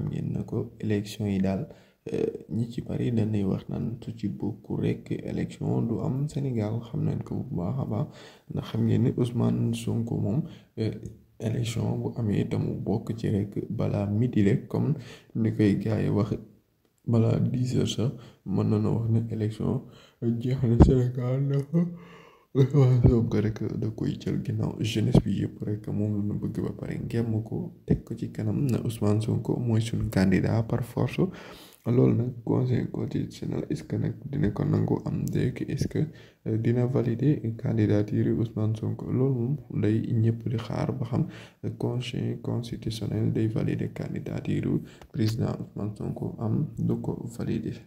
am ngeen na ko élection yi daal eh, ñi ci bari dañuy wax naan su ci bokku rek élection du am Sénégal xam nañ ko bu baax a baax ndax xam ngeen ni Ousmane Sonko moom eh, élection bu amee tamu bokk ci rek balaa midi rek comme ni koy gars yi wax bala dix heures sax mën nañoo wax na élection jeex na Sénégal waaw eh, ko bi yëpp rek moom la bëgg ba pare ngemm ko teg ko ci kanam na Ousmane Sonko mooy suñu candidat par force loolu nag conseil constitutionnel est-ce que nag dina ko nangu am dégg ce que dina valider candidature yi Ousmane Sonko loolu moom lay ñëpp di xaar ba xam conseil constitutionnel day valider candidature président Ousmane Sonko am du ko valider.